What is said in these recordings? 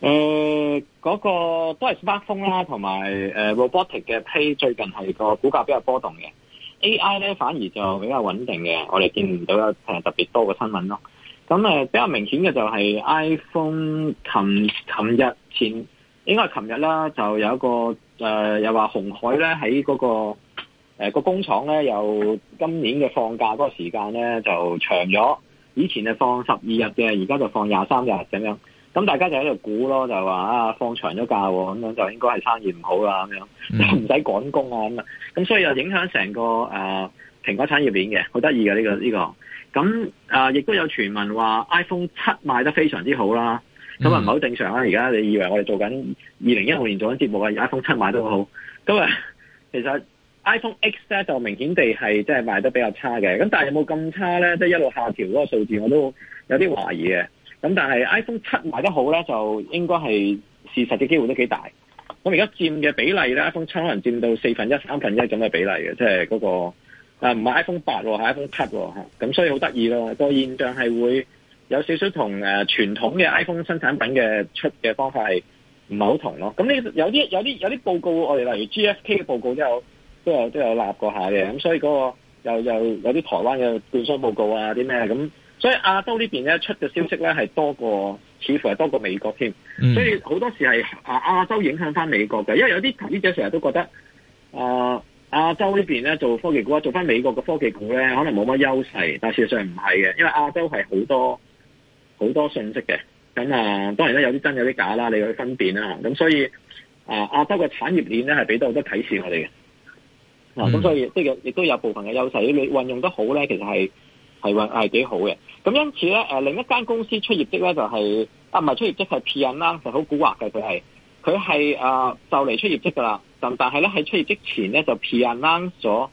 誒、嗯，嗰、那個都係 smartphone 啦，同埋誒 robotic 嘅 pay 最近係個股價比較波動嘅，AI 咧反而就比較穩定嘅，我哋見唔到有誒特別多嘅新聞咯。咁誒、呃、比較明顯嘅就係 iPhone，琴日前應該係琴日啦，就有一個誒、呃、又話鴻海咧喺嗰個誒個、呃、工廠咧，又今年嘅放假嗰個時間咧就長咗，以前係放十二日嘅，而家就放廿三日咁樣。咁大家就喺度估咯，就話啊放長咗假咁樣，就應該係生意唔好啦，咁樣唔使趕工啊咁啊，咁所以又影響成個誒蘋、呃、果產業鏈嘅，好得意嘅呢個呢個。咁、這、啊、個呃，亦都有傳聞話 iPhone 七賣得非常之好啦，咁啊唔係好正常啦。而家你以為我哋做緊二零一六年做緊節目嘅 iPhone 七賣得好，咁啊，其實 iPhone X 咧，就明顯地係即係賣得比較差嘅。咁但係有冇咁差咧？即係一路下調嗰個數字，我都有啲懷疑嘅。咁、嗯、但係 iPhone 七賣得好咧，就應該係事實嘅機會都幾大。咁而家佔嘅比例咧、嗯、，iPhone 七可能佔到四分一、三分一咁嘅比例嘅，即係嗰個啊唔係 iPhone 八喎，係 iPhone 七喎嚇。咁所以好得意咯，個現象係會有少少同、啊、傳統嘅 iPhone 新產品嘅出嘅方法係唔係好同咯？咁、嗯、呢有啲有啲有啲報告，我哋例如 GFK 嘅報告都有都有都有立過下嘅，咁所以嗰、嗰個又又有啲台灣嘅電商報告啊啲咩咁。所以亞洲呢邊咧出嘅消息咧係多過，似乎係多過美國添、嗯。所以好多時係亞洲影響翻美國嘅，因為有啲投資者成日都覺得，啊、呃、亞洲呢邊咧做科技股啊，做翻美國嘅科技股咧可能冇乜優勢，但事實上唔係嘅，因為亞洲係好多好多信息嘅。咁啊，當然咧有啲真有啲假啦，你要分辨啦。咁所以啊、呃、亞洲嘅產業鏈咧係俾到好多啟示我哋嘅。啊、嗯，咁所以即係亦都有部分嘅優勢，你運用得好咧，其實係係運係幾好嘅。咁因此咧、呃，另一間公司出業績咧，就係、是、啊，唔係出業績係 n 啦，就好蠱惑嘅，佢係佢係啊就嚟出業績噶啦，但但係咧喺出業績前咧就 P 騙咗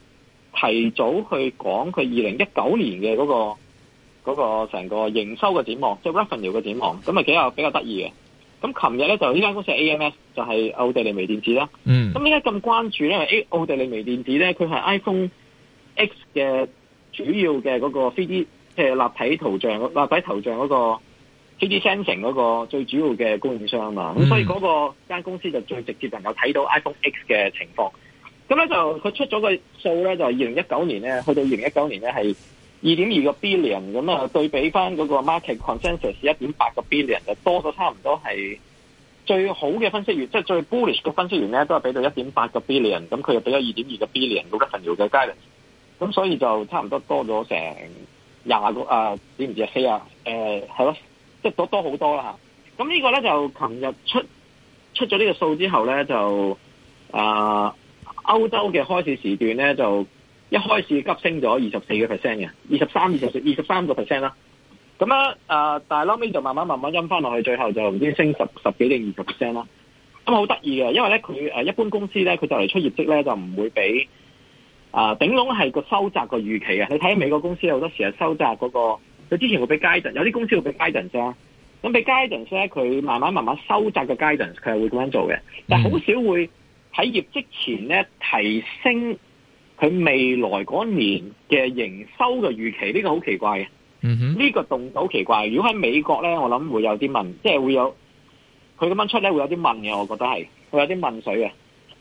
提早去講佢二零一九年嘅嗰、那個嗰、那個成個營收嘅展望，即係 revenue 嘅展望，咁啊幾有比較得意嘅。咁琴日咧就呢間公司係 AMS，就係奧地利微電子啦。嗯。咁點解咁關注咧？A 奧地利微電子咧，佢係 iPhone X 嘅主要嘅嗰個 D。即係立體圖像、立體圖像嗰個 h a i Sensing 嗰個最主要嘅供應商嘛，咁、mm -hmm. 所以嗰個間公司就最直接能夠睇到 iPhone X 嘅情況。咁咧就佢出咗個數咧，就係二零一九年咧，去到二零一九年咧係二點二個 billion，咁啊對比翻嗰個 market consensus 一點八個 billion，就多咗差唔多係最好嘅分析員，即、就、係、是、最 bullish 嘅分析員咧，都係俾到一點八個 billion，咁佢就俾咗二點二個 billion，好得份搖嘅 guidance，咁所以就差唔多多咗成。廿個啊，點唔止四啊？誒，係咯、呃，即係多多好多啦。咁呢個咧就琴日出出咗呢個數之後咧，就啊歐、呃、洲嘅開市時段咧就一開始急升咗二十四個 percent 嘅，二十三、二十、二十三個 percent 啦。咁咧啊，但、呃、係撈尾就慢慢慢慢陰翻落去，最後就唔知升十十幾定二十 percent 啦。咁好得意嘅，因為咧佢誒一般公司咧，佢就嚟出業績咧就唔會俾。啊，頂籠係個收窄個預期、啊、你睇美國公司有好多時啊收窄嗰、嗰個，佢之前會俾 Guidance 有啲公司會俾 Guidance 啊啫。咁俾 Guidance 佢慢慢慢慢收窄個 Guidance 佢係會咁樣做嘅。但係好少會喺業績前咧提升佢未來嗰年嘅營收嘅預期，呢、呢個好奇怪嘅。嗯、這、呢個動作好奇怪嘅。如果喺美國咧，我諗會有啲問，即係會有佢咁樣出咧，會有啲問嘅。我覺得係，會有啲問水嘅。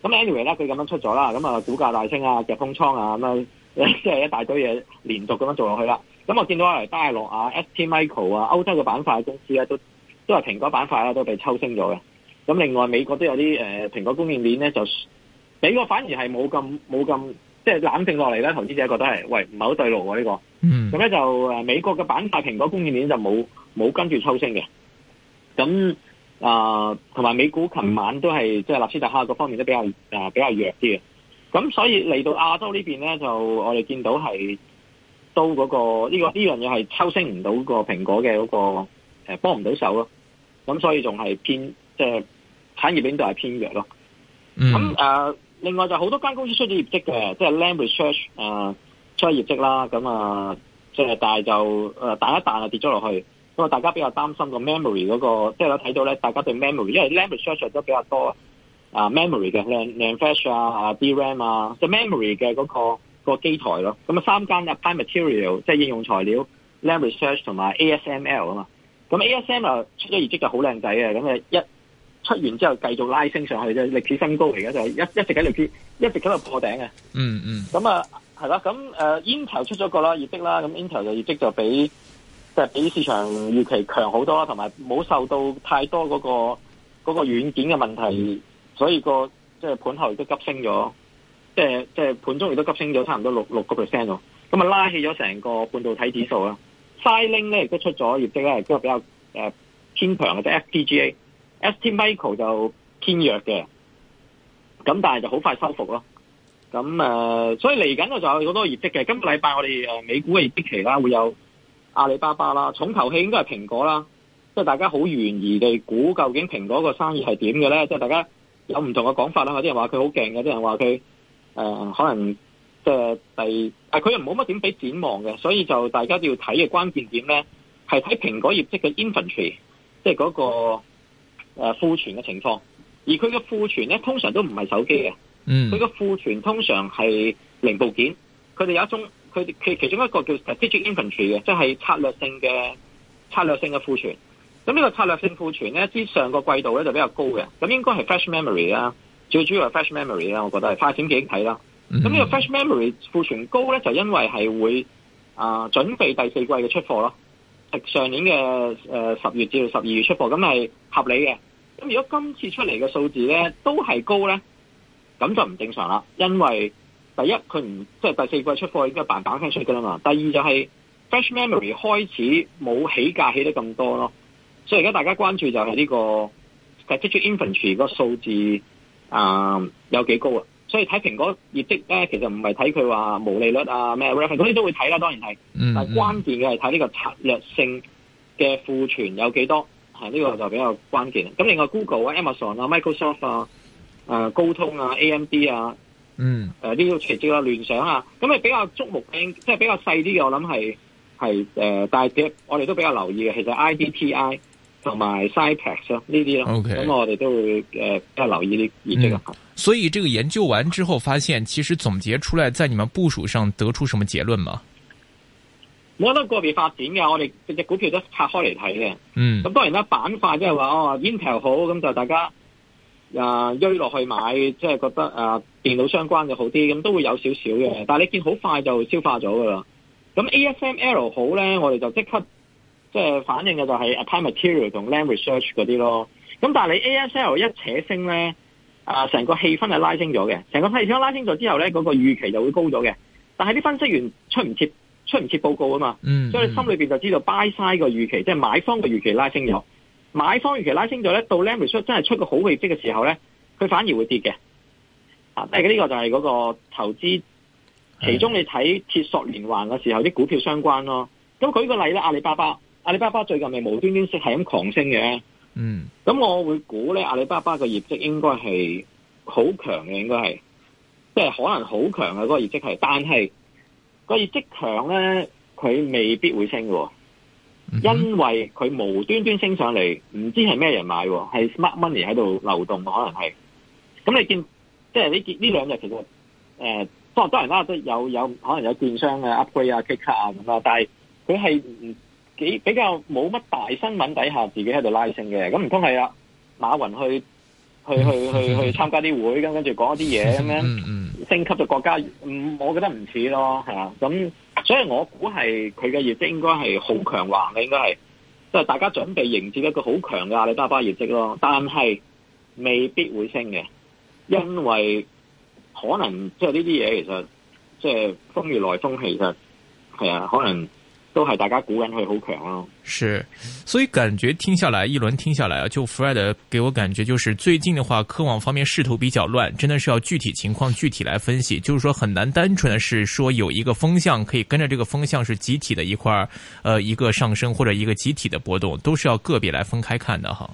咁 anyway 啦，佢咁樣出咗啦，咁啊股價大升啊，夾空倉啊咁啊，即係一大堆嘢連續咁樣做落去啦。咁我見到啊，大陸啊 ST Michael 啊，歐洲嘅板塊的公司咧，都都係蘋果板塊咧都被抽升咗嘅。咁另外美國都有啲誒、呃、蘋果供應鏈咧，就美國反而係冇咁冇咁即係冷靜落嚟咧，投資者覺得係喂唔係好對路喎呢個。咁、嗯、咧就誒、呃、美國嘅板塊的蘋果供應鏈就冇冇跟住抽升嘅。咁啊、呃，同埋美股琴晚都係即係納斯達克各方面都比較、呃、比較弱啲嘅，咁所以嚟到亞洲邊呢邊咧，就我哋見到係都嗰、那個呢、這個呢樣嘢係抽升唔到個蘋果嘅嗰、那個誒幫唔到手咯，咁所以仲係偏即係、就是、產業鏈度係偏弱咯。咁、嗯、誒、呃，另外就好多間公司出咗業績嘅，即、就、係、是、Lam Research 誒、呃、出咗業績啦，咁啊即係但係就誒彈、呃、一彈啊跌咗落去。咁大家比較擔心個 memory 嗰個，即係我睇到咧，大家對 memory，因為、Lam、research 都比較多啊 memory 嘅，NAND flash 啊、b DRAM 啊，Lans, Lansha, Bram，就 memory 嘅嗰、那個、那個機台咯。咁啊，三間啊，Applied material 即係應用材料、Lam、，research l a 同埋 ASML 啊嘛 ASM。咁 ASML 出咗業績就好靚仔嘅，咁啊一出完之後繼續拉升上去，嘅、就是、歷史新高嚟嘅，就一、是、一直喺歷史一直喺度破頂嘅。嗯嗯。咁啊，係啦，咁誒 Intel 出咗個啦業績啦，咁 Intel 嘅業績就比。即、就、係、是、比市場預期強好多，同埋冇受到太多嗰、那個嗰、那個軟件嘅問題，所以個即係盤後亦都急升咗，即係即係盤中亦都急升咗差唔多六六個 percent 咁啊拉起咗成個半導體指數啦。Siling 咧亦都出咗業績呢都係比較誒偏強嘅，即 FPGA，STMicro 就偏弱嘅，咁但係就好快收復咯。咁誒、呃，所以嚟緊我就有好多業績嘅。今個禮拜我哋誒、呃、美股嘅業績期啦，會有。阿里巴巴啦，重頭戲應該係蘋果啦，即係大家好懸疑地估究竟蘋果個生意係點嘅咧？即係大家有唔同嘅講法啦。有啲人話佢好勁嘅，有啲人話佢誒可能即係第，佢又冇乜點俾展望嘅，所以就大家要睇嘅關鍵點咧係睇蘋果業績嘅 inventory 即係嗰、嗰個、呃、庫存嘅情況。而佢嘅庫存咧通常都唔係手機嘅，嗯，佢嘅庫存通常係零部件，佢哋有一種。佢其其中一個叫 strategic inventory 嘅，即係策略性嘅策略性嘅庫存。咁呢個策略性庫存咧，之上個季度咧就比較高嘅。咁應該係 fresh memory 啦，最主要係 fresh memory 啦，我覺得係發展景睇啦。咁呢、mm -hmm. 個 fresh memory 庫存高咧，就因為係會啊、呃、準備第四季嘅出貨咯，係上年嘅誒十月至到十二月出貨，咁係合理嘅。咁如果今次出嚟嘅數字咧都係高咧，咁就唔正常啦，因為。第一，佢唔即係第四季出貨已經係慢慢開始出嘅啦嘛。第二就係、是、Fresh Memory 開始冇起價起得咁多咯，所以而家大家關注就係呢、這個 Technology Inventory 個數字啊、呃、有幾高啊。所以睇蘋果業績咧，其實唔係睇佢話毛利率啊咩，嗰啲都會睇啦、啊，當然係。嗯。但關鍵嘅係睇呢個策略性嘅庫存有幾多，係呢、這個就比較關鍵。咁另外 Google Amazon, 啊、Amazon 啊、Microsoft 啊、高通啊、AMD 啊。嗯，誒、呃，呢個奇蹟啦，聯想啊，咁你比較矚目即係比較細啲嘅，我諗係係誒，大、呃、我哋都比較留意嘅，其實 IDTI 同埋 Cyplex 咯呢啲咯。O K，咁我哋都會誒、呃、比較留意呢啲啦。所以，這個研究完之後，發現其實總結出來，在你們部署上得出什麼結論嗎？我覺得個別發展嘅，我哋隻股票都拆開嚟睇嘅。嗯，咁當然啦，板塊即係話哦 Intel 好，咁就大家。啊，追落去買，即係覺得啊，電腦相關嘅好啲，咁都會有少少嘅。但係你見好快就消化咗噶啦。咁 ASML 好呢，我哋就即刻即係、就是、反應嘅就係 Applied Materials 同 Lam Research 嗰啲咯。咁但係你 ASL 一扯升呢，啊，成個氣氛係拉升咗嘅。成個氣氛拉升咗之後呢，嗰、那個預期就會高咗嘅。但係啲分析員出唔切出唔切報告啊嘛，mm -hmm. 所以你心裏邊就知道 buy side 個預期，即係買方嘅預期拉升咗。買方預期拉升咗咧，到 l m b e r a r e 真係出個好業績嘅時候咧，佢反而會跌嘅。啊，但係呢個就係嗰個投資，其中你睇鐵索連環嘅時候，啲股票相關咯。咁舉個例咧，阿里巴巴，阿里巴巴最近咪無端端即係咁狂升嘅。嗯，咁我會估咧，阿里巴巴嘅業績應該係好強嘅，應該係，即係可能好強嘅嗰個業績係，但係，個業績強咧，佢未必會升嘅。因為佢無端端升上嚟，唔知係咩人買喎，係 smart money 喺度流動，可能係。咁你見即係呢件呢兩日，其實誒、呃，當然當然啦，都有有可能有券商啊、upgrade 啊、kick cut 啊咁啦，但係佢係幾比較冇乜大新聞底下自己喺度拉升嘅。咁唔通係啊？馬雲去去去去去去去參加啲會，跟跟住講一啲嘢咁樣，升級咗國家，我覺得唔似咯，係嘛？咁。所以我估係佢嘅業績應該係好強橫嘅，應該係即係大家準備迎接一個好強嘅阿里巴巴業績咯。但係未必會升嘅，因為可能即係呢啲嘢其實即係、就是、風雨來風，其實係啊，可能。都係大家估緊佢好強咯。是，所以感覺聽下來，一輪聽下來啊，就 Fred 給我感覺就是最近的話，科網方面勢頭比較亂，真的是要具體情況具體來分析。就是說，很難單純的是說有一個風向可以跟着這個風向是集體的一塊，呃，一個上升或者一個集體的波動，都是要個別來分開看的哈。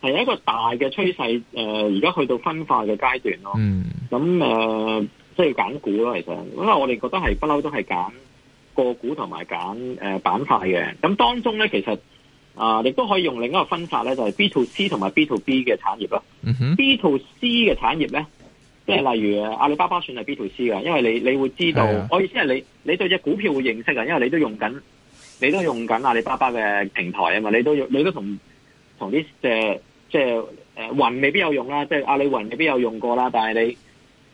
係一個大嘅趨勢，誒、呃，而家去到分化嘅階段咯。嗯那。咁、呃、誒，都要揀股咯，其實，因為我哋覺得係不嬲都係揀。個股同埋揀誒板塊嘅，咁、呃、當中咧其實啊，亦、呃、都可以用另一個分法咧，就係、是、B to C 同埋 B to B 嘅產業咯。B to C 嘅產業咧，即係例如阿里巴巴算係 B to C 嘅，因為你你會知道，啊、我意思係你你對隻股票會認識啊，因為你都用緊，你都用緊阿里巴巴嘅平台啊嘛，你都用你都同同啲即係誒雲未必有用啦，即係阿里雲未必有用過啦，但係你。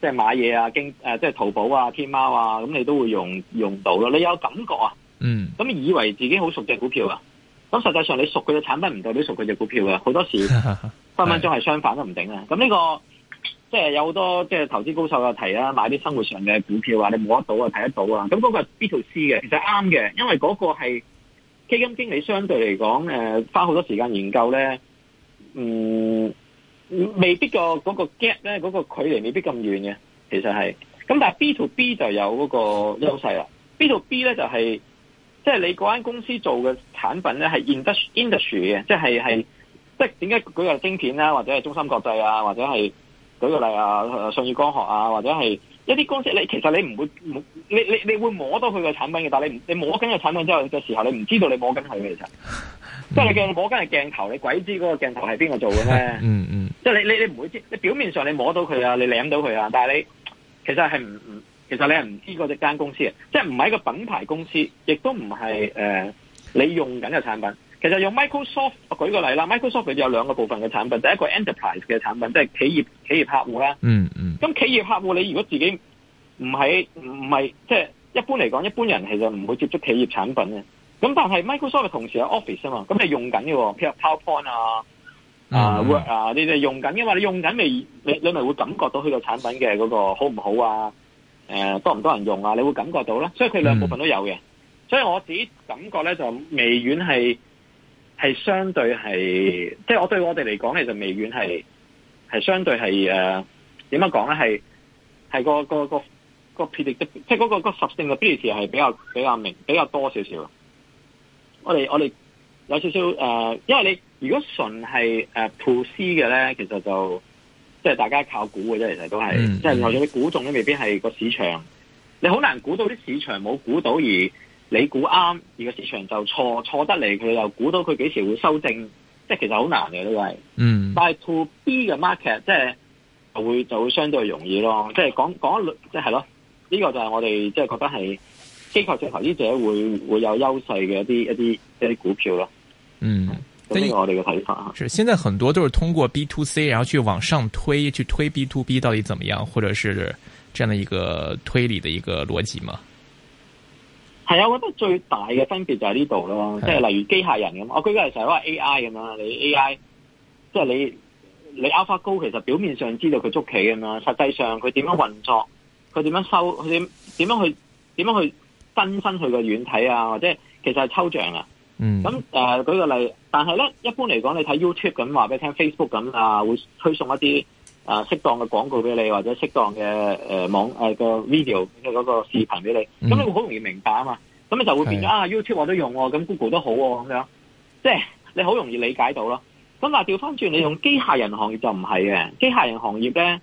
即係買嘢啊，經誒、呃，即係淘寶啊、天貓啊，咁你都會用用到咯。你有感覺啊，嗯，咁你以為自己好熟隻股票啊，咁實際上你熟佢嘅產品唔代表熟佢隻股票啊。好多時 分分鐘係相反都唔頂啊。咁呢、這個即係有好多即係投資高手又提啊，買啲生活上嘅股票啊，你摸得到啊，睇得到啊，咁嗰個 B2C 嘅，其實啱嘅，因為嗰個係基金經理相對嚟講，誒、呃，花好多時間研究咧，嗯。未必個嗰個 gap 咧，嗰個距離未必咁遠嘅，其實係。咁但係 B to B 就有嗰個優勢啦。B to B 咧就係、係，即、就、係、係、你嗰間公司做嘅產品咧係 industry industry 嘅，即係係即係點解舉個晶片啦、啊，或者係中芯國際啊，或者係舉個例啊，信義光學啊，或者係。一啲公司，你其實你唔會，你你你會摸到佢嘅產品嘅，但係你你摸緊個產品之後嘅時候，你唔知道你摸緊佢。其實。即係你嘅摸緊係鏡頭，你鬼知嗰個鏡頭係邊個做嘅咩？嗯 嗯。即係你你你唔會知，你表面上你摸到佢啊，你舐到佢啊，但係你其實係唔唔，其實你係唔知嗰一間公司嘅，即係唔係一個品牌公司，亦都唔係誒你用緊嘅產品。其實用 Microsoft 舉個例啦，Microsoft 佢有兩個部分嘅產品，第一個 enterprise 嘅產品，即係企業企業客戶啦。嗯嗯。咁企業客戶你如果自己唔係唔係，即係一般嚟講，一般人其實唔會接觸企業產品嘅。咁但係 Microsoft 同時有 Office 啊嘛，咁你用緊嘅、哦，譬如 PowerPoint 啊、嗯、啊 Word 啊，啊，啊，你哋用緊，因為你用緊未，你你咪會感覺到佢個產品嘅嗰個好唔好啊？誒、呃，多唔多人用啊？你會感覺到啦。所以佢兩部分都有嘅、嗯。所以我自己感覺咧，就微軟係。係相對係，即係我對我哋嚟講，其實微軟係係相對係誒，點樣講咧？係係個個個個 predict 即係嗰、嗰個個合性嘅 predict 係比較比較明，比較多少少。我哋我哋有少少誒，因為你如果純係誒 push 嘅咧，其實就即係大家靠估嘅啫，其實都係、嗯嗯，即係就算你估中都未必係個市場，你好難估到啲市場冇估到而。你估啱，而，這個市場就錯錯得嚟，佢又估到佢幾時會修正，即係其實好難嘅呢個係。嗯，但係 to B 嘅 market 即係會就會相對容易咯，即係講講一兩，即係、就是、咯呢，這個就係我哋即係覺得係機構性投資者會會有優勢嘅一啲一啲一啲股票咯。嗯，咁、這、呢個我哋嘅睇法。是現在很多都是通過 B to C 然後去往上推，去推 B to B 到底怎麼樣，或者是這樣的一個推理的一個邏輯嘛？係啊，我覺得最大嘅分別，就喺呢度咯，即係例如機械人咁。我舉個例，成日都 A I 咁啦，你 A I 即係你你 Alpha Go 其實表面上知道佢捉棋咁啦，實際上佢點樣運作？佢點樣收？佢點樣去點樣去分身佢個軟體啊？或者其實係抽象啊。嗯那。咁、呃、舉個例，但係咧，一般嚟講，告訴你睇 YouTube 咁話俾你聽，Facebook 咁啊，會推送一啲。啊，適當嘅廣告俾你，或者適當嘅誒、呃、網誒、啊、個 video 嗰個視頻俾你，咁、嗯、你會好容易明白啊嘛，咁你就會變咗啊 YouTube 我都用喎、啊，咁 Google 都好喎、啊，咁樣，即、就、係、是、你好容易理解到咯。咁嗱，調翻轉你用機械人行業就唔係嘅，機械人行業咧誒、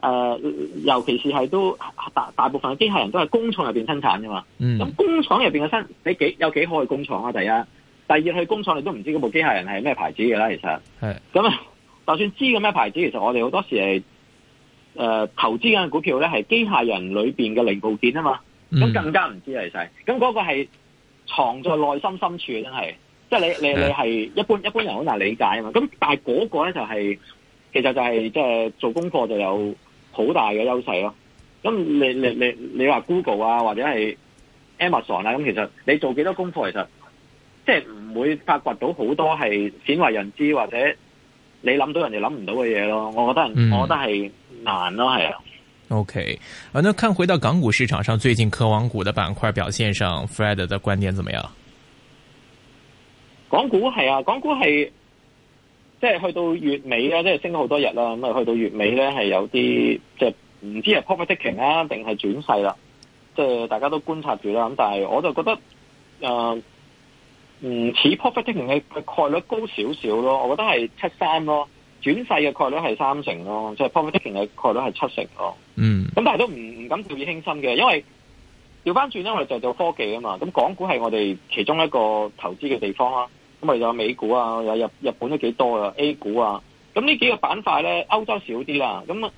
呃，尤其是係都大大部分嘅機械人都係工廠入邊生產噶嘛。咁、嗯、工廠入邊嘅生你有幾有幾好嘅工廠啊？第一，第二去工廠你都唔知嗰部機械人係咩牌子嘅啦，其實係咁啊。就算知嘅咩牌子，其實我哋好多時係誒、呃、投資緊嘅股票咧，係機械人裏邊嘅零部件啊嘛，咁、嗯、更加唔知係細。咁嗰個係藏在內心深處，真係，即係你你你係一般一般人好難理解啊嘛，咁但係嗰個咧就係，其實就係即係做功課就有好大嘅優勢咯。咁你你你你話 Google 啊或者係 Amazon 啊，咁其實你做幾多功課，其實即係唔會發掘到好多係鮮為人知或者。你諗到人哋諗唔到嘅嘢咯，我覺得、嗯，我覺得係難咯，係啊。OK，啊，那看回到港股市場上最近科網股的板塊表現上，Fred 的觀點怎麼樣？港股係啊，港股係即係去到月尾啊，即係升咗好多日啦，咁啊去到月尾咧係有啲即係唔知係 populating 啊定係轉勢啦，即係大家都觀察住啦，咁但係我就覺得，嗯、呃。唔似 profit 的確嘅概率高少少咯，我覺得係七三咯，轉勢嘅概率係三成咯，即係 profit 的確嘅概率係七成咯。嗯，咁但係都唔唔敢掉以輕心嘅，因為調翻轉咧，我哋就做科技啊嘛。咁港股係我哋其中一個投資嘅地方啦。咁咪有美股啊，有日日本都幾多啊，A 股啊。咁呢幾個板塊咧，歐洲少啲啦。咁誒、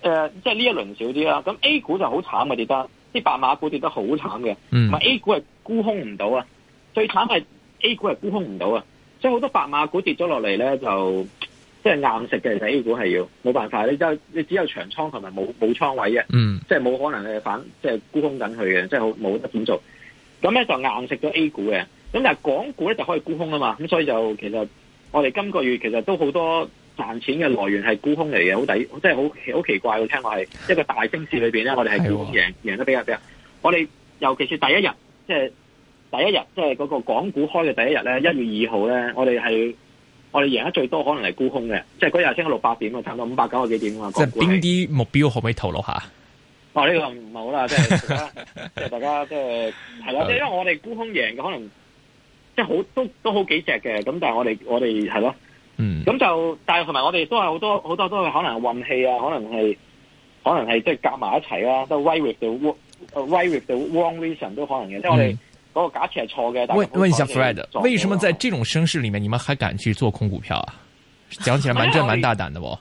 呃，即係呢一輪少啲啦。咁 A 股就好慘嘅跌得，啲白馬股跌得好慘嘅。嗯，同埋，A 股係沽空唔到啊。最慘係 A 股，係沽空唔到啊，所以好多白馬股跌咗落嚟咧，就即係硬食嘅。其實 A 股係要冇辦法，你只你只有長倉同埋冇冇倉位嘅、mm.，即係冇可能你反即係沽空緊佢嘅，即係好冇得點做。咁咧就硬食咗 A 股嘅。咁但係港股咧就可以沽空啊嘛。咁所以就其實我哋今個月其實都好多賺錢嘅來源係沽空嚟嘅，好抵，即係好好奇怪。我聽我係一個大升市裏邊咧，我哋係變贏贏得比較比較。我哋尤其是第一日即係。第一日即係嗰個港股開嘅第一日咧，一月二號咧，我哋係我哋贏得最多可能係沽空嘅，即係嗰日升到六百點啊，差唔多五百九啊幾點啊邊啲目標可唔可以透露下？啊、哦、呢、呢個唔係好啦，即係大家即係 大家即係係啦，即係因為我哋沽空贏嘅可能即係好都都好幾隻嘅，咁但係我哋我哋係咯，嗯那就，咁就但係同埋我哋都係好多好多都係可能運氣啊，可能係可能係即係夾埋一齊啦，都 right with 到、right with 到 wrong reason 都可能嘅，即係我哋。嗯個假設係錯嘅。問問一下 Fred，為什麼在這種升勢裏面，你們還敢去做空股票啊？講起來蠻真蠻大膽的，哦、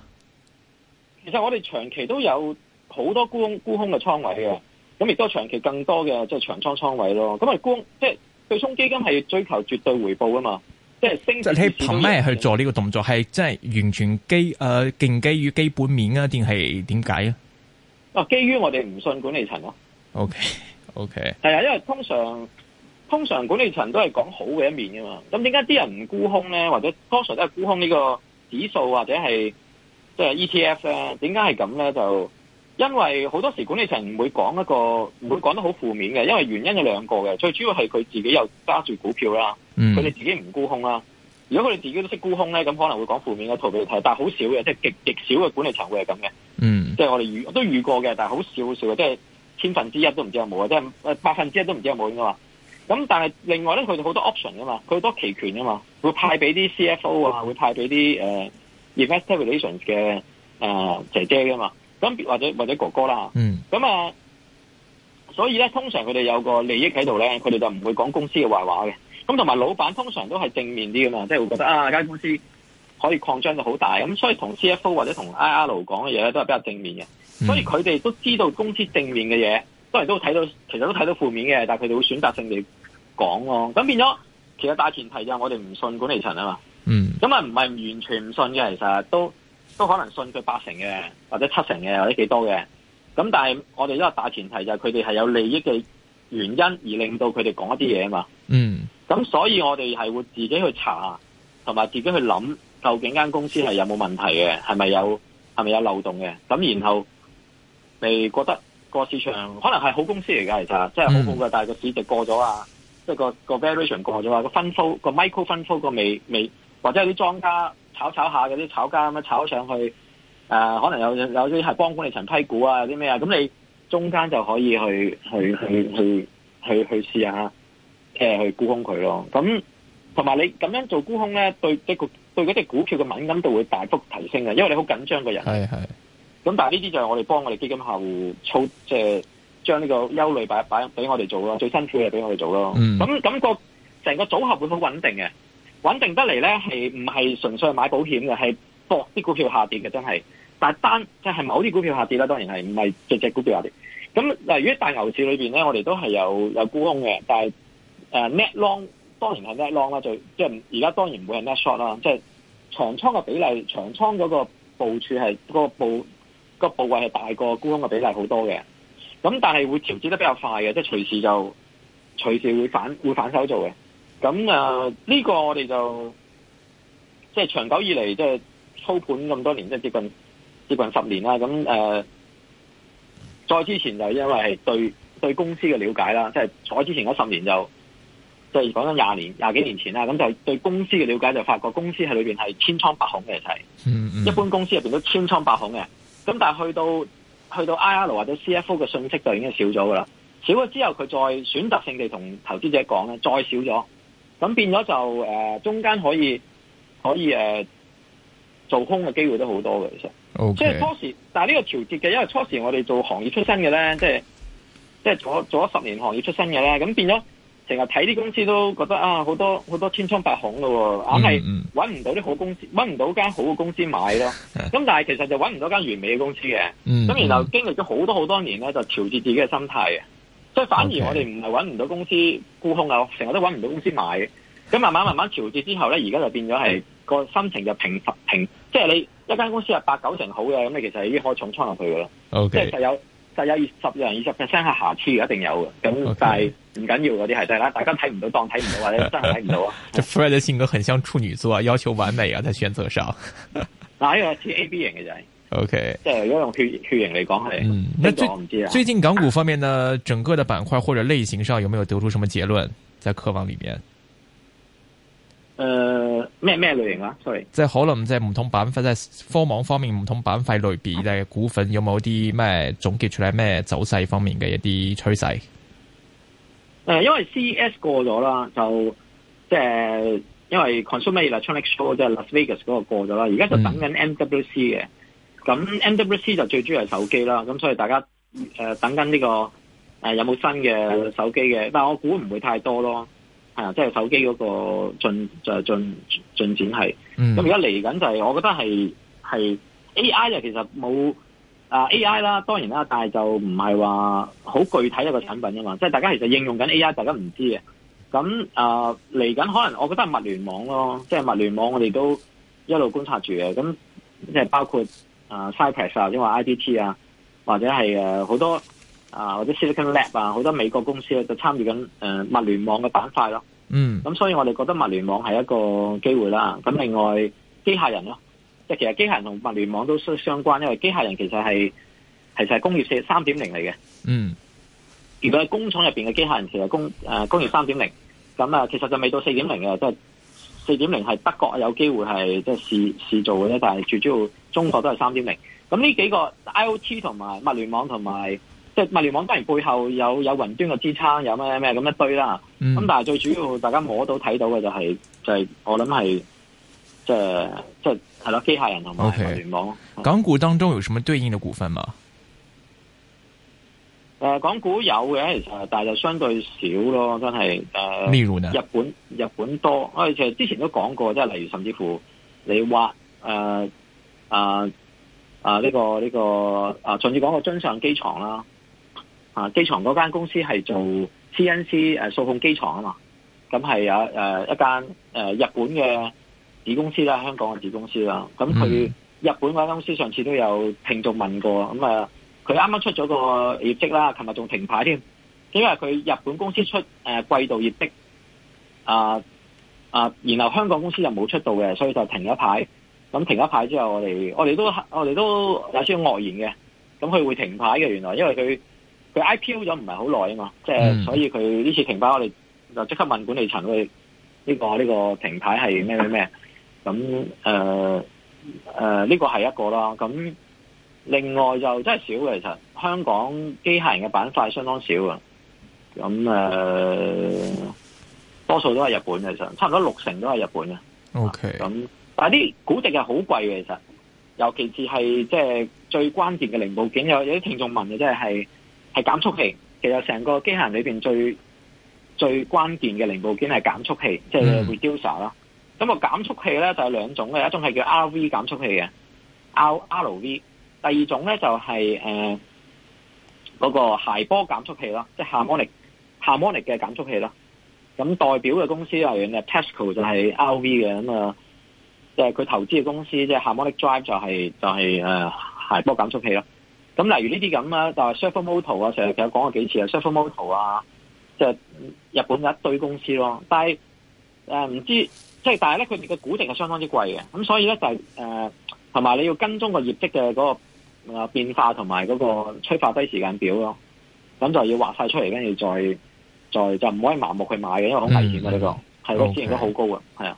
其實我哋長期都有好多沽空沽空嘅倉位嘅，咁亦都長期更多嘅即係長倉倉位咯。咁啊沽即係對沖基金係追求絕對回報啊嘛，即係升。就你憑咩去做呢個動作？係即係完全基誒，建基於基本面啊，定係點解啊？哦，基於我哋唔信管理層咯。OK，OK，係啊， 因為通常。通常管理層都係講好嘅一面嘅嘛，咁點解啲人唔沽空咧，或者通常都係沽空呢個指數或者係即係 E T F 咧？點解係咁咧？就因為好多時管理層唔會講一個唔、嗯、會講得好負面嘅，因為原因有兩個嘅，最主要係佢自己有揸住股票啦，佢哋自己唔沽空啦、嗯。如果佢哋自己都識沽空咧，咁可能會講負面嘅逃避題，但係好少嘅，即係極極少嘅管理層會係咁嘅。嗯，即係我哋遇都遇過嘅，但係好少少嘅，即係千分之一都唔知有冇啊，即係百分之一都唔知有冇應該話。咁、嗯、但係另外咧，佢哋好多 option 噶嘛，佢好多期權噶嘛，會派俾啲 CFO 啊，會派俾啲誒 investor relations 嘅誒、呃、姐姐噶嘛，咁或者或者哥哥啦，咁、嗯、啊、嗯，所以咧通常佢哋有個利益喺度咧，佢哋就唔會講公司嘅壞話嘅。咁同埋老闆通常都係正面啲噶嘛，即、就、係、是、會覺得啊間公司可以擴張到好大，咁所以同 CFO 或者同 IR 講嘅嘢咧都係比較正面嘅。所以佢哋都知道公司正面嘅嘢，當然都睇到其實都睇到負面嘅，但佢哋會選擇性地。講咯、啊，咁變咗，其實大前提就係我哋唔信管理層啊嘛。嗯。咁啊，唔係完全唔信嘅，其實都都可能信佢八成嘅，或者七成嘅，或者幾多嘅。咁但係我哋都係大前提就係佢哋係有利益嘅原因而令到佢哋講一啲嘢，啊嘛。嗯。咁所以我哋係會自己去查，同埋自己去諗，究竟間公司係有冇問題嘅，係咪有係咪有漏洞嘅？咁然後你覺得個市場、嗯、可能係好公司嚟噶，其實即係好好嘅、嗯、但係個市值過咗啊。即係個，個 variation 過咗，咗話個分幅個 micro 分幅個尾尾，或者有啲莊家炒炒下嗰啲炒家咁樣炒上去，誒、呃、可能有有啲係幫管理層批股啊，有啲咩啊，咁你中間就可以去去去去去去，去試下，即、呃、係去沽空佢咯。咁同埋你咁樣做沽空咧，對即係個嗰隻股票嘅敏感度會大幅提升嘅，因為你好緊張個人係係。咁但係呢啲就係我哋幫我哋基金客戶操即係將呢個憂慮擺擺俾我哋做咯，最辛苦嘅嘢俾我哋做咯。咁、嗯、咁、那個成個組合會好穩定嘅，穩定得嚟咧係唔係純粹買保險嘅，係搏啲股票下跌嘅真係。但係單即係、就是、某啲股票下跌啦，當然係唔係隻隻股票下跌。咁例如果大牛市裏邊咧，我哋都係有有沽空嘅，但係誒、呃、net long 當然係 net long 啦，最即係而家當然唔會係 net short 啦、就是，即係長倉嘅比例，長倉嗰個部署係嗰個部、那個部位係大過沽空嘅比例好多嘅。咁但係會調節得比較快嘅，即係隨時就隨時會反會反手做嘅。咁呢、呃呢個我哋就即係長久以嚟，即係操盤咁多年，即係接近接近十年啦。咁誒、呃，再之前就因為對對公司嘅了解啦，即係再之前嗰十年就即係講緊廿年廿幾年前啦，咁就對公司嘅了解就發覺公司喺裏邊係千瘡百孔嘅，係，一般公司入邊都千瘡百孔嘅。咁但係去到去到 IR 或者 CFO 嘅信息，就已經少咗噶啦，少咗之後佢再選擇性地同投資者講咧，再少咗，咁變咗就誒、呃、中間可以可以誒、呃、做空嘅機會都好多嘅其實，Okay. 即係初時，但係呢個調節嘅，因為初時我哋做行業出身嘅咧，即係即係做咗做咗十年行業出身嘅咧，咁變咗。成日睇啲公司都覺得啊，好多好多千瘡百孔咯，硬係揾唔到啲好公司，揾、mm、唔 -hmm. 到間好嘅公司買咯。咁 但係其實就揾唔到間完美嘅公司嘅。咁、mm -hmm. 然後經歷咗好多好多年咧，就調節自己嘅心態嘅。所以反而我哋唔係揾唔到公司沽空啊，成、okay. 日都揾唔到公司買。咁慢慢慢慢調節之後咧，而家就變咗係個心情就平平。即、就、係、是、你一間公司係八九成好嘅，咁你其實已經可以重倉入去噶啦。即、okay. 係就有。有二十樣二十 percent，係瑕疵，一定有嘅。咁但係唔緊要，嗰啲係真啦，大家睇唔到當睇唔到，或者真係睇唔到啊。 這 Fred 的性格很像處女座，要求完美啊，在選擇上。嗱， 呢個似 A B 型嘅就係。O K，即係如果用血血型嚟講係。嗯，那唔知最近港股方面呢，整個嘅板塊或者類型上，有冇得出什麼結論？在科網裡面？誒、呃，咩咩類型啊？sorry，即係可能即係唔同板塊，即係科網方面唔同板塊類別嘅股份，有冇啲咩總結出嚟咩走勢方面嘅一啲趨勢？誒、呃，因為 CES 過咗啦，就即係、呃、因為 Consumer Electronics Show 即係 Las Vegas 嗰個過咗啦，而家就等緊 MWC 嘅。咁、嗯、MWC 就最主要係手機啦，咁所以大家誒、呃、等緊呢、呢個、呃、有冇新嘅手機嘅、嗯？但我估唔會太多囉。係啊，即係手機嗰個進就進進展係，嗯，咁而家嚟緊就係，我覺得係係 A I 就其實冇啊 A I 啦，當然啦，但係就唔係話好具體一個產品㗎嘛。即係大家其實應用緊 A I，大家唔知嘅。咁啊嚟緊可能我覺得係物聯網咯，即係物聯網我哋都一路觀察住嘅。咁即係包括啊 c i b e x c 因為 IDT 啊，或者係誒好多。啊，或者 Silicon Lab 啊，好多美國公司咧、啊、就參與緊誒物聯網嘅板塊咯。嗯，咁所以我哋覺得物聯網係一個機會啦。咁另外機械人咯，即係其實機械人同物聯網都相相關，因為機械人其實係其實係工業四三點零嚟嘅。嗯，如果係工廠入邊嘅機械人，其實工誒、呃、工業三點零咁啊，其實就未到四點零嘅，即係四點零係德國有機會係即係試試做嘅，但係最主要中國都係三點零。咁呢幾個 IoT 同埋物聯網同埋。即係物聯網，當然背後有有雲端嘅支撐，有咩咩咁一堆啦。咁、嗯、但係最主要，大家摸到睇到嘅就係、是、就係、是、我諗係即係即係係咯，機械人同埋物聯網、okay. 嗯。港股當中有什麼對應嘅股份嗎？誒、呃，港股有嘅，但係就相對少咯，真係誒。例、呃、如呢日本日本多，我哋其實之前都講過，即係例如甚至乎你話誒誒誒呢個呢、這個誒，上、呃、次講個真相機床啦。啊！機床嗰間公司係做 CNC 誒、啊、數控機床啊嘛，咁係有誒一間誒日本嘅子公司啦，香港嘅子公司啦。咁佢日本嗰間公司上次都有聽眾問過，咁啊佢啱啱出咗個業績啦，琴日仲停牌添，因為佢日本公司出誒、啊、季度業績啊啊，然後香港公司又冇出到嘅，所以就停咗牌。咁停咗牌之後我哋，我哋我哋都我哋都有少少愕然嘅，咁佢會停牌嘅原來，因為佢。佢 IPO 咗唔係好耐啊嘛，即係、嗯、所以佢呢次停牌，我哋就即刻問管理層、呢個，佢呢個呢個停牌係咩咩咩？咁誒誒，呢、呃呃呢個係一個啦。咁另外就真係少嘅，其實香港機械人嘅板塊相當少嘅。咁誒、呃，多數都係日本嘅，其實差唔多六成都係日本嘅。O、okay. K。咁但係啲估值係好貴嘅，其實尤其是係即係最關鍵嘅零部件。有有啲聽眾問嘅，即係係。係減速器，其實成個機械裏邊最最關鍵嘅零部件係減速器，即係 reducer 啦。咁個減速器咧就有兩種嘅，一種係叫 RV 減速器嘅，R R V。第二種咧就係誒嗰個諧波減速器啦，即係 harmonic harmonic 嘅減速器啦。咁代表嘅公司例如嘅 Nabtesco 就係 R V 嘅，咁啊就係佢投資嘅公司，即係 harmonic drive 就係就係誒諧波減速器咯。咁、嗯、例如呢啲咁啊，就係、是、Shuffle Motor 啊，成日成日講過幾次啊、嗯、Shuffle Motor 啊，即、就是、日本嘅一堆公司咯。但係唔、呃、知，即係但係咧，佢哋嘅估值係相當之貴嘅。咁所以咧就係誒同埋你要跟蹤個業績嘅嗰個變化同埋嗰個催化劑時間表咯。咁就要畫曬出嚟，跟住再再就唔可以盲目去買嘅，因為好危險嘅呢、這個係個、嗯嗯 okay. 市盈都好高㗎。係啊。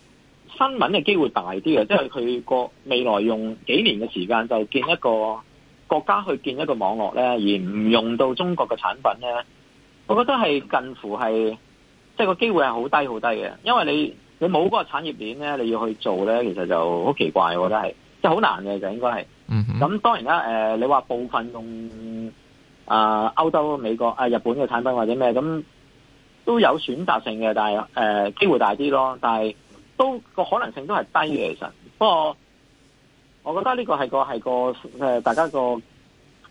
新聞嘅機會大啲嘅，即係佢個未來用幾年嘅時間就建一個國家去建一個網絡咧，而唔用到中國嘅產品咧，我覺得係近乎係，即係個機會係好低好低嘅，因為你你冇嗰個產業鏈咧，你要去做咧，其實就好奇怪，我覺得係即係好難嘅，就應該係。咁當然啦，誒、呃、你話部分用啊、呃、歐洲、美國啊、呃、日本嘅產品或者咩咁都有選擇性嘅，但係誒、呃、機會大啲咯，但係。都個可能性都係低嘅，其實不過我覺得呢個係個係個誒、呃、大家個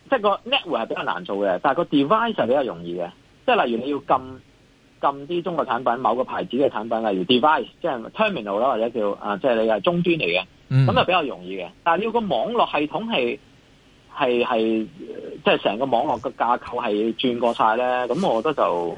即係個 network 係比較難做嘅，但係個 device 係比較容易嘅。即係例如你要撳撳啲中國產品，某個牌子嘅產品，例如 device 即係 terminal 啦，或者叫啊即係你係終端嚟嘅，咁、嗯、就比較容易嘅。但係你要個網絡系統係係係即係成個網絡嘅架構係轉過晒咧，咁我覺得就誒、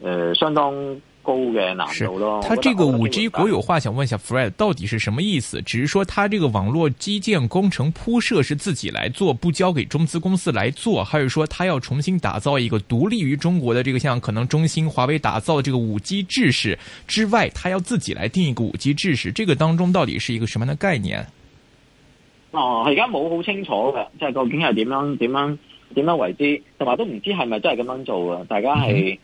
呃、相當。高嘅難度咯。他這個五 G 國有化想問一下 Fred，到底是什麼意思？只是說他這個網絡基建工程鋪設是自己來做，不交給中資公司來做，還是說他要重新打造一個獨立於中國的這個像？可能中興、華為打造的這個五 G 制式之外，他要自己來定一個五 G 制式？這個當中到底是一個什麼樣的概念？哦，而家冇好清楚嘅，即係究竟係點樣點樣點樣為之，同埋都唔知係咪真係咁樣做啊？大家係。Okay.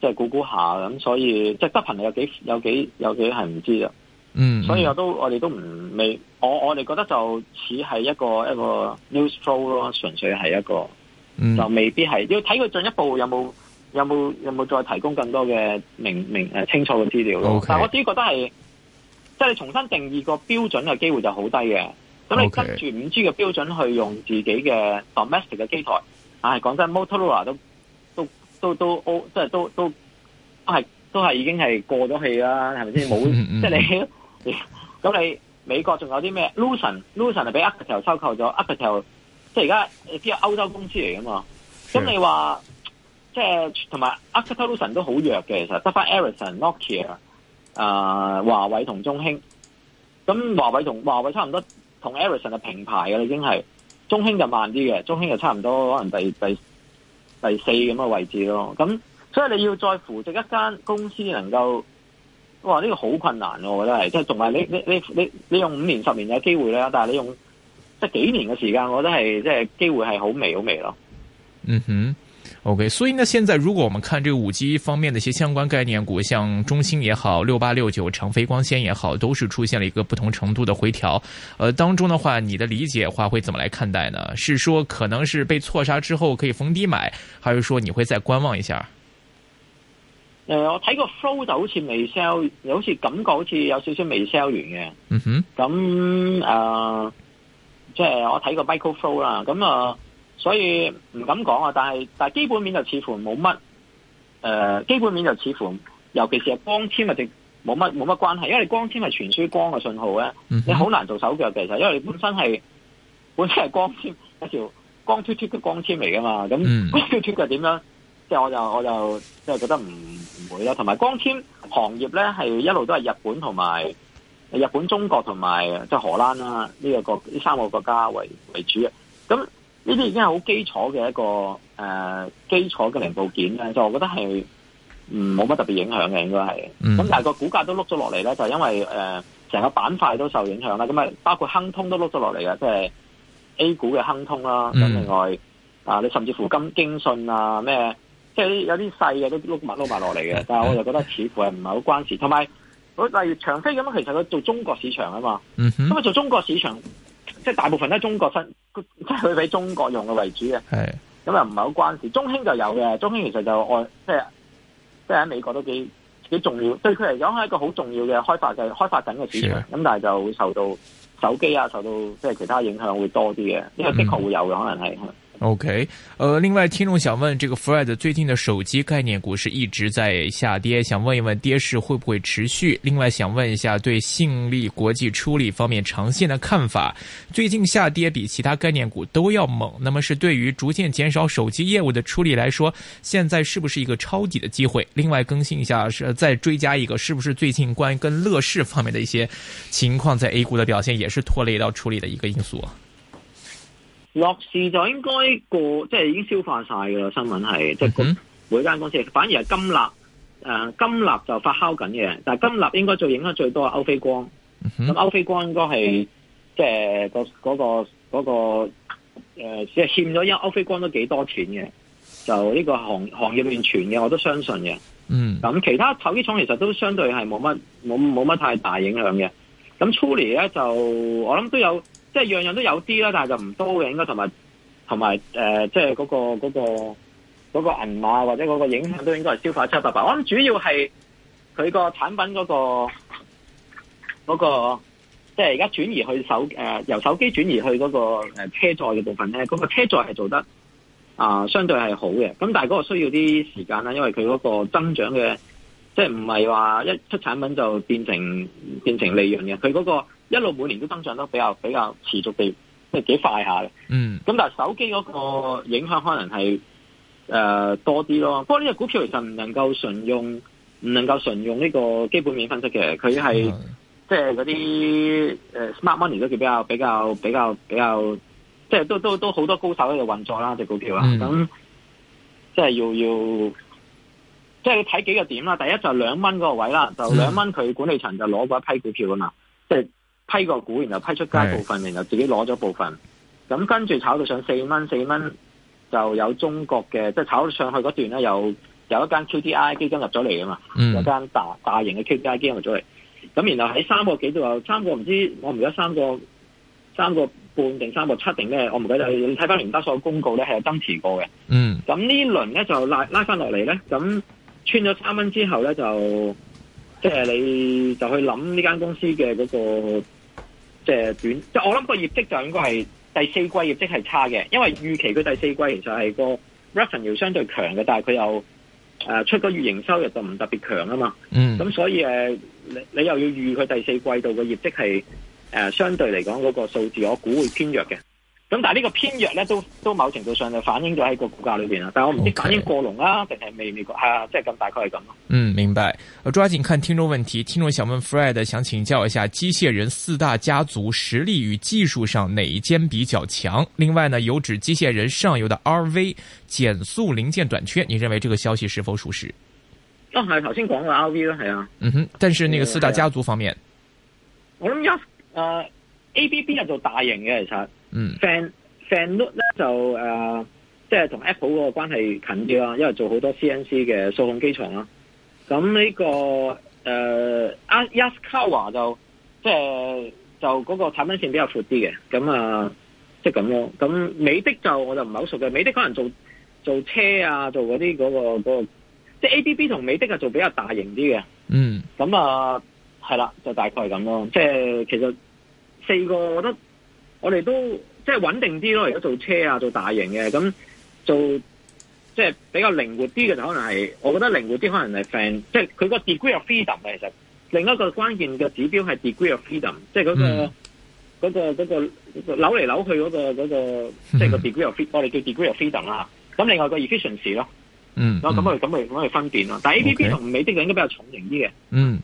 即係估估下咁，所以即係得朋友有幾有幾有幾係唔知啊。嗯，所以我都我哋都唔未，我我哋覺得就似係一個一個 neutral 咯，純粹係一個、嗯，就未必係要睇佢進一步有冇有冇有冇再提供更多嘅明明,明清楚嘅資料咯。Okay. 但係我只覺得係即係你重新定義個標準嘅機會就好低嘅。咁你跟住五 G 嘅標準去用自己嘅 domestic 嘅機台，唉、啊，講真，Motorola 都。都都 O，即係都都，都係都係已經係過咗氣啦，係咪先？冇， 即係你咁你美國仲有啲咩？Lucent，Lucent 就俾 Alcatel 收購咗 Alcatel 即係而家即係歐洲公司嚟噶嘛？咁你話即係同埋 Alcatel 都好弱嘅，其實得翻 Ericsson Nokia、呃、啊華為同中興。咁華為同華為差唔多，同 Ericsson 就平牌嘅啦，已經係中興就慢啲嘅，中興就差唔多可能第第。第四咁嘅位置咯，咁所以你要再扶植一間公司能夠，哇！呢個好困難，我覺得係，即係同埋你你你你你用五年十年有機會啦。但係你用即係幾年嘅時間，我覺得係即係機會係好微好微咯。嗯哼。OK，所以呢，現在如果我們看這個五 G 方面的一些相關概念股，像中興也好，六八六九、長飛光纖也好，都是出現了一個不同程度的回調。呃，當中的話，你的理解的話會怎麼來看待呢？是說可能是被錯殺之後可以逢低買，還是說你會再觀望一下？呃，我睇過 flow 就好似未 sell，又好似感覺好似有少少未 sell 完嘅。嗯哼。咁啊，即、呃、係、就是、我睇過 micro flow 啦，咁啊。呃所以唔敢講啊！但係但係基本面就似乎冇乜，誒、呃、基本面就似乎，尤其是係光纖啊，冇乜冇乜關係，因為你光纖係傳輸光嘅信號咧，mm -hmm. 你好難做手腳其實，因為你本身係本身係光纖一條光脫脫嘅光纖嚟㗎嘛，咁、mm -hmm. 光脫脫就點樣？即係我就我就即係覺得唔唔會啦。同埋光纖行業咧係一路都係日本同埋日本、中國同埋即係荷蘭啦、啊、呢、呢個呢三個國家為，為主嘅，咁。呢啲已經係好基礎嘅一個誒、呃、基礎嘅零部件啦，就我覺得係唔冇乜特別影響嘅，應該係。咁、嗯、但係個股價都碌咗落嚟咧，就係、因為誒成、呃、個板塊都受影響啦。咁啊包括亨通都碌咗落嚟嘅，即係 A 股嘅亨通啦。咁、嗯、另外啊，你、呃、甚至乎金京訊啊咩，即係有啲細嘅都碌埋碌埋落嚟嘅。但係我就覺得似乎是不很係唔係好關事。同埋例如長飛咁啊，其實佢做中國市場啊嘛，咁、嗯、啊做中國市場。即係大部分都係中國出，即係佢俾中國用嘅為主嘅，咁又唔係好關事。中興就有嘅，中興其實就愛，即係即係喺美國都幾幾重要。對佢嚟講係一個好重要嘅開發嘅開發緊嘅市場，咁但係就會受到手機啊，受到即係其他影響會多啲嘅，呢個的確會有嘅可能係。嗯 OK，呃，另外聽眾想問這個 Fred，最近的手機概念股，是一直在下跌，想問一問跌勢會不會持續？另外想問一下對信利國際處理方面長線的看法，最近下跌比其他概念股都要猛，那麼是對於逐漸減少手機業務的處理來說，現在是不是一個抄底的機會？另外更新一下是再追加一個，是不是最近關於跟樂視方面的一些情況在 A 股的表現也是拖累到處理的一個因素？樂視就應該過，即係已經消化晒㗎喇。新聞係即係每間公司，反而係金立，誒、呃、金立就發酵緊嘅。但係金立應該最影響最多係歐菲光，咁歐菲光應該係即係個個嗰個誒，即係、呃那個那個呃、欠咗因歐菲光都幾多錢嘅，就呢個行行業裏面傳嘅，我都相信嘅。咁、嗯、其他手機廠其實都相對係冇乜冇冇乜太大影響嘅。咁初嚟咧就我諗都有。即係樣樣都有啲啦，但係就唔多嘅，應該同埋同埋誒，即係嗰個嗰個嗰個銀碼或者嗰個影響都應該係消化七七八八。我諗主要係佢個產品嗰個嗰個，即係而家轉移去手誒、呃，由手機轉移去嗰個誒車載嘅部分咧，嗰個車載係做得啊、呃、相對係好嘅。咁但係嗰個需要啲時間啦，因為佢嗰個增長嘅，即係唔係話一出產品就變成變成利潤嘅，佢嗰個。一路每年都增長得比較比較持續地，即係幾快下嘅。嗯。咁但係手機嗰個影響可能係誒、呃、多啲咯。不過呢隻股票其實唔能夠純用，唔能夠純用呢個基本面分析嘅。佢係即係嗰啲 smart money 都叫比較比較比較比較，即係都都都好多高手喺度運作啦隻、這個、股票啊。咁、嗯、即係要要，即係要睇幾個點啦。第一就兩蚊嗰個位啦，就兩蚊佢管理層就攞過一批股票啊嘛，即批個股，然後批出街部分，然後自己攞咗部分。咁跟住炒到上四蚊，四蚊就有中國嘅，即係炒到上去嗰段咧，有有一間 QDII 基金入咗嚟噶嘛？有一間大大型嘅 QDII 基金入咗嚟。咁然後喺三個幾度，又三個唔知我唔記得三個三個半定三個七定咩？我唔記得。你睇翻聯德所有公告咧，係有增持過嘅。嗯。咁呢輪咧就拉拉翻落嚟咧，咁穿咗三蚊之後咧，就即係你就去諗呢間公司嘅嗰個。即係短，即係我諗個業績就應該係第四季業績係差嘅，因為預期佢第四季其實係個 Revenue 相對強嘅，但係佢又誒出個月營收入就唔特別強啊嘛。嗯，咁所以誒你你又要預佢第四季度嘅業績係誒相對嚟講嗰個數字，我估會偏弱嘅。咁但係呢個偏弱咧，都都某程度上就反映咗喺個股價裏邊啊！但係我唔知反映過龍啦，定係未未係啊？即係咁大概係咁咯。嗯，明白。我抓緊看聽眾問題，聽眾想問 Fred，想請教一下機械人四大家族實力與技術上，哪一間比較強？另外呢，有指機械人上游的 RV 減速零件短缺，你認為這個消息是否屬實？哦、啊，係頭先講嘅 RV 咯，係啊。嗯哼，但是呢個四大家族方面，啊、我諗一誒、呃、ABB 係做大型嘅，其實。嗯、Fan Fanuc 咧就誒，即係同 Apple 嗰個關係近啲啦，因為做好多 CNC 嘅數控機床啦。咁呢、呢個誒、呃、Yaskawa 就即係就嗰、是、個產品線比較闊啲嘅。咁啊，即係咁咯。咁美的就我就唔係好熟嘅，美的可能做做車啊，做嗰啲嗰個嗰個，即係、就是、ABB 同美的啊，做比較大型啲嘅。嗯。咁啊，係啦，就大概係咁咯。即、就、係、是、其實四個，我覺得。我哋都即係穩定啲咯，如果做車啊，做大型嘅，咁做即係比較靈活啲嘅就可能係，我覺得靈活啲可能係 f a i n 即係佢個 degree of freedom 其實另一個關鍵嘅指標係 degree of freedom，即係嗰、那個嗰、嗯那個嗰、那個、那個、扭嚟扭去嗰、那個即係個 degree of fit、嗯、我哋叫 degree of freedom 啦。咁另外個 efficiency 咯，嗯，咁去咁去咁去分辨咯、嗯嗯。但 ABB 同美的嘅應該比較重型啲嘅，嗯。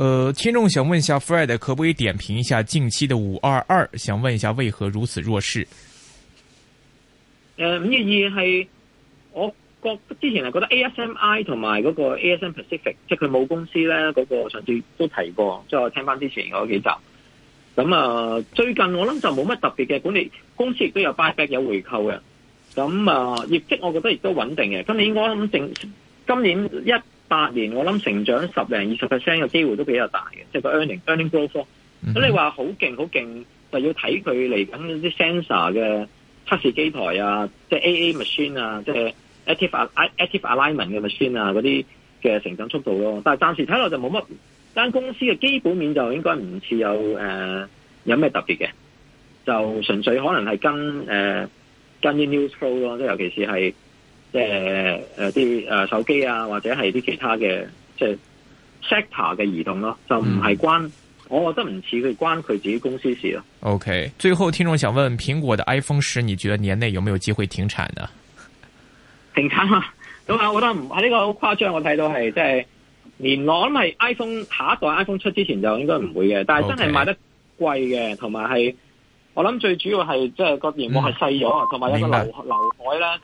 呃，聽眾想問一下 Fred，可唔可以點評一下近期的五二二？想問一下為何如此弱勢？誒、呃，第二係，我覺之前係覺得 ASMI 同埋嗰個 ASM Pacific，即係佢母公司咧嗰、那個上次都提過，即、就、係、是、我聽翻之前嗰幾集。咁啊、呃，最近我諗就冇乜特別嘅管理公司，亦都有 buyback 有回購嘅。咁啊、呃，業績我覺得亦都穩定嘅。今年我諗淨今年一。八年，我諗成長十零二十 percent 嘅機會都比較大嘅，即係個 earning，earning growth，嗯。咁你話好勁好勁，就要睇佢嚟緊啲 sensor 嘅測試機台啊，即係 AA machine 啊，即係 active al active alignment 嘅 machine 啊，嗰啲嘅成長速度咯。但係暫時睇落就冇乜間公司嘅基本面就應該唔似有誒、呃、有咩特別嘅，就純粹可能係跟誒、呃、跟啲 news flow 咯，即係尤其是係。即係誒啲誒手機啊，或者係啲其他嘅即係 sector 嘅移動咯，就唔係關，我覺得唔似佢關佢自己公司事咯。OK，最後聽眾想問，蘋果嘅 iPhone 十，你覺得年內有冇有機會停產呢？停產啊，咁啊，我覺得唔係呢個好誇張。我睇到係即係年內，咁係 iPhone 下一代 iPhone 出之前就應該唔會嘅。但係真係賣得貴嘅，同埋係我諗最主要係即係個屏幕係細咗，同埋一個留劉海啦。